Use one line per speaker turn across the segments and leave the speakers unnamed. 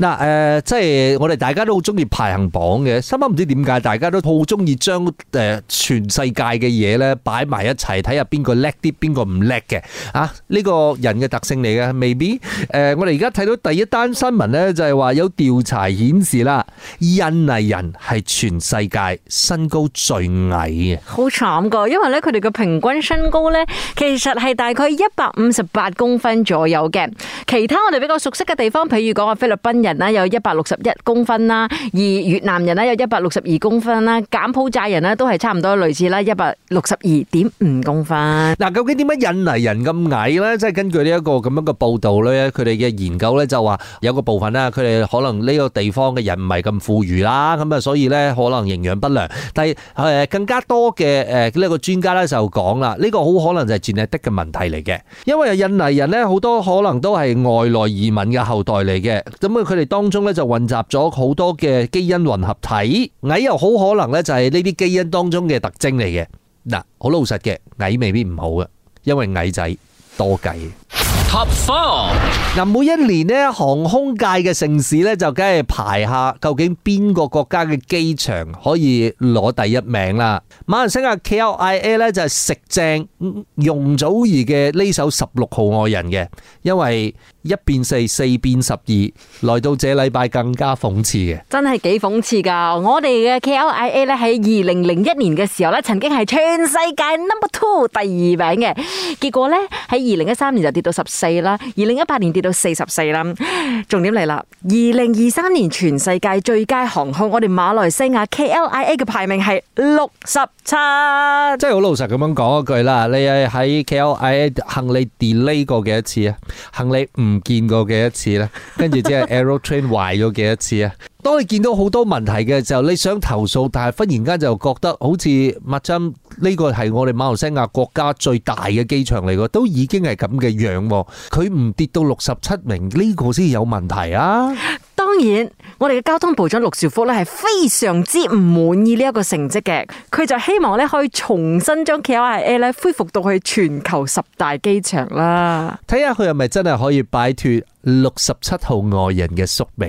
嗱誒、呃，即係我哋大家都好中意排行榜嘅，心諗唔知點解大家都好中意將誒全世界嘅嘢咧擺埋一齊睇下邊個叻啲，邊個唔叻嘅啊？呢、這個人嘅特性嚟嘅，maybe 誒，我哋而家睇到第一單新聞咧，就係話有調查顯示啦，印尼人係全世界身高最矮嘅。
好慘噶，因為咧佢哋嘅平均身高咧，其實係大概一百五十八公分左右嘅。其他我哋比較熟悉嘅地方，譬如講啊菲律賓。人啦，有一百六十一公分啦；而越南人啦，有一百六十二公分啦；柬埔寨人啦，都係差唔多類似啦，一百
六十二點五公分。嗱，究竟點解印尼人咁矮咧？即係根據呢一個咁樣嘅報道咧，佢哋嘅研究咧就話有個部分啦，佢哋可能呢個地方嘅人唔係咁富裕啦，咁啊所以咧可能營養不良。但係誒更加多嘅誒呢個專家咧就講啦，呢個好可能就係 genetic 嘅問題嚟嘅，因為印尼人咧好多可能都係外來移民嘅後代嚟嘅，咁啊佢。佢哋當中咧就混雜咗好多嘅基因混合體，矮又好可能咧就係呢啲基因當中嘅特徵嚟嘅。嗱，好老實嘅，矮未必唔好嘅，因為矮仔多計。合方嗱，每一年咧航空界，嘅城市咧就梗係排下究竟邊個國家嘅機場可以攞第一名啦。馬來西亞 KLIA 咧就係食正容祖兒嘅呢首十六號愛人嘅，因為一變四，四變十二，來到這禮拜更加諷刺嘅。
真係幾諷刺噶！我哋嘅 KLIA 咧喺二零零一年嘅時候咧，曾經係全世界 number two 第二名嘅，結果咧喺二零一三年就跌到十四。四啦，二零一八年跌到四十四啦。重點嚟啦，二零二三年全世界最佳航空，我哋馬來西亞 K L I A 嘅排名係六十
七。即係好老實咁樣講一句啦，你喺 K L I A 行李 delay 過幾多次啊？行李唔見過幾多次咧？跟住即係 Aerotrain o 壞咗幾多次啊？當你見到好多問題嘅時候，你想投訴，但係忽然間就覺得好似乜針？呢個係我哋馬來西亞國家最大嘅機場嚟嘅，都已經係咁嘅樣喎。佢唔跌到六十七名，呢、這個先有問題啊！
當然，我哋嘅交通部長陸兆福咧係非常之唔滿意呢一個成績嘅，佢就希望咧可以
重新將 KLIA 咧恢復到去全球十大機場啦。睇下佢係咪真係可以擺脫六十七號外人嘅宿命。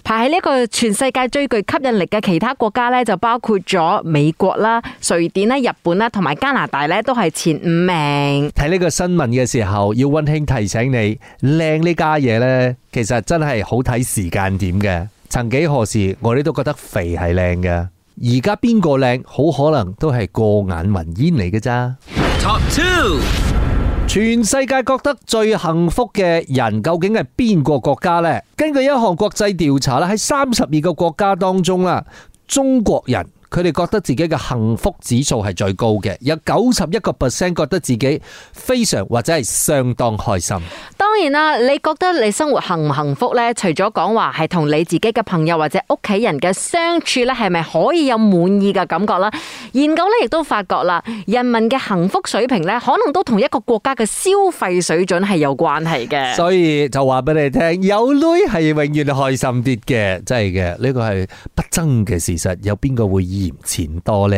但喺呢個全世界最具吸引力嘅其他國家呢，就包括咗美國啦、
瑞典啦、日本啦，同埋加拿大呢，都係前五名。睇呢個新聞嘅時候，要溫馨提醒你，靚呢家嘢呢，其實真係好睇時間點嘅。曾幾何時，我哋都覺得肥係靚嘅，而家邊個靚，好可能都係過眼雲煙嚟嘅咋。Top Two。全世界覺得最幸福嘅人究竟係邊個國家呢？根據一項國際調查啦，喺三十二個國家當中啦，中國人佢哋覺得自己嘅幸福指數係最高嘅，有九十一個 percent 覺得自己非常或者係相當開心。當然啦，你覺得你
生活幸唔幸福呢？除咗講話係同你自己嘅朋友或者屋企人嘅相處咧，係咪可以有滿意嘅感覺啦？研究呢，亦都發覺啦，人民嘅幸福水平呢，可能都同一個國家嘅消費水準係有關係嘅。所
以就話俾你聽，有女係永遠開心啲嘅，真係嘅，呢個係不爭嘅事實。有邊個會嫌錢多呢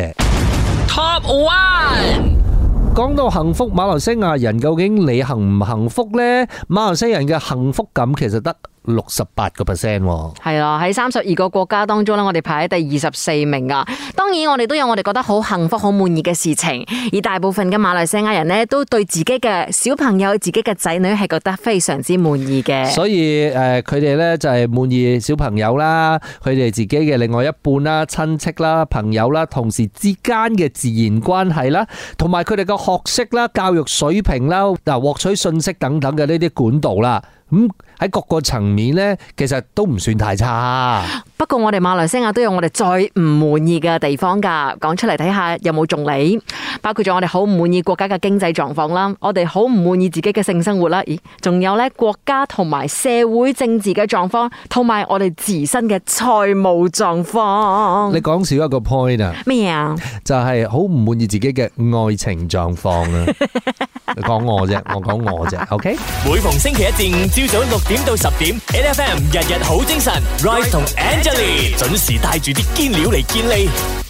？Top one，
講到幸福，馬來西亞人究竟你幸唔幸福呢？馬來西亞人嘅幸福感其實得。六十八個 percent，
係啊，喺三十二個國家當中咧，我哋排喺第二十四名啊。當然，我哋都有我哋覺得好幸福、好滿意嘅事情。而大部分嘅馬來西亞人呢，都對自己嘅小朋友、自己嘅仔女係覺得非常之滿意嘅。所
以誒，佢哋呢，就係滿意小朋友啦，佢哋自己嘅另外一半啦、親戚啦、朋友啦、同事之間嘅自然關係啦，同埋佢哋嘅學識啦、教育水平啦、嗱獲取信息等等嘅呢啲管道啦。咁喺、嗯、各個層面呢，其實都唔算太差。
不過我哋馬來西亞都有我哋最唔滿意嘅地方噶，講出嚟睇下有冇中你。包括咗我哋好唔滿意國家嘅經濟狀況啦，我哋好唔滿意自己嘅性生活啦。咦，仲有咧國家同埋社會政治嘅狀況，同埋我哋自身嘅財務狀況。你
講少一個 point 啊麼？咩啊？就係好唔滿意自己嘅愛情狀況啊！ 你講我啫，我講我啫，OK？ 每逢
星期一至五朝早六點到十點，NFM 日日好精神，Rise 同 Angelina Angel 準時帶住啲堅料嚟健力。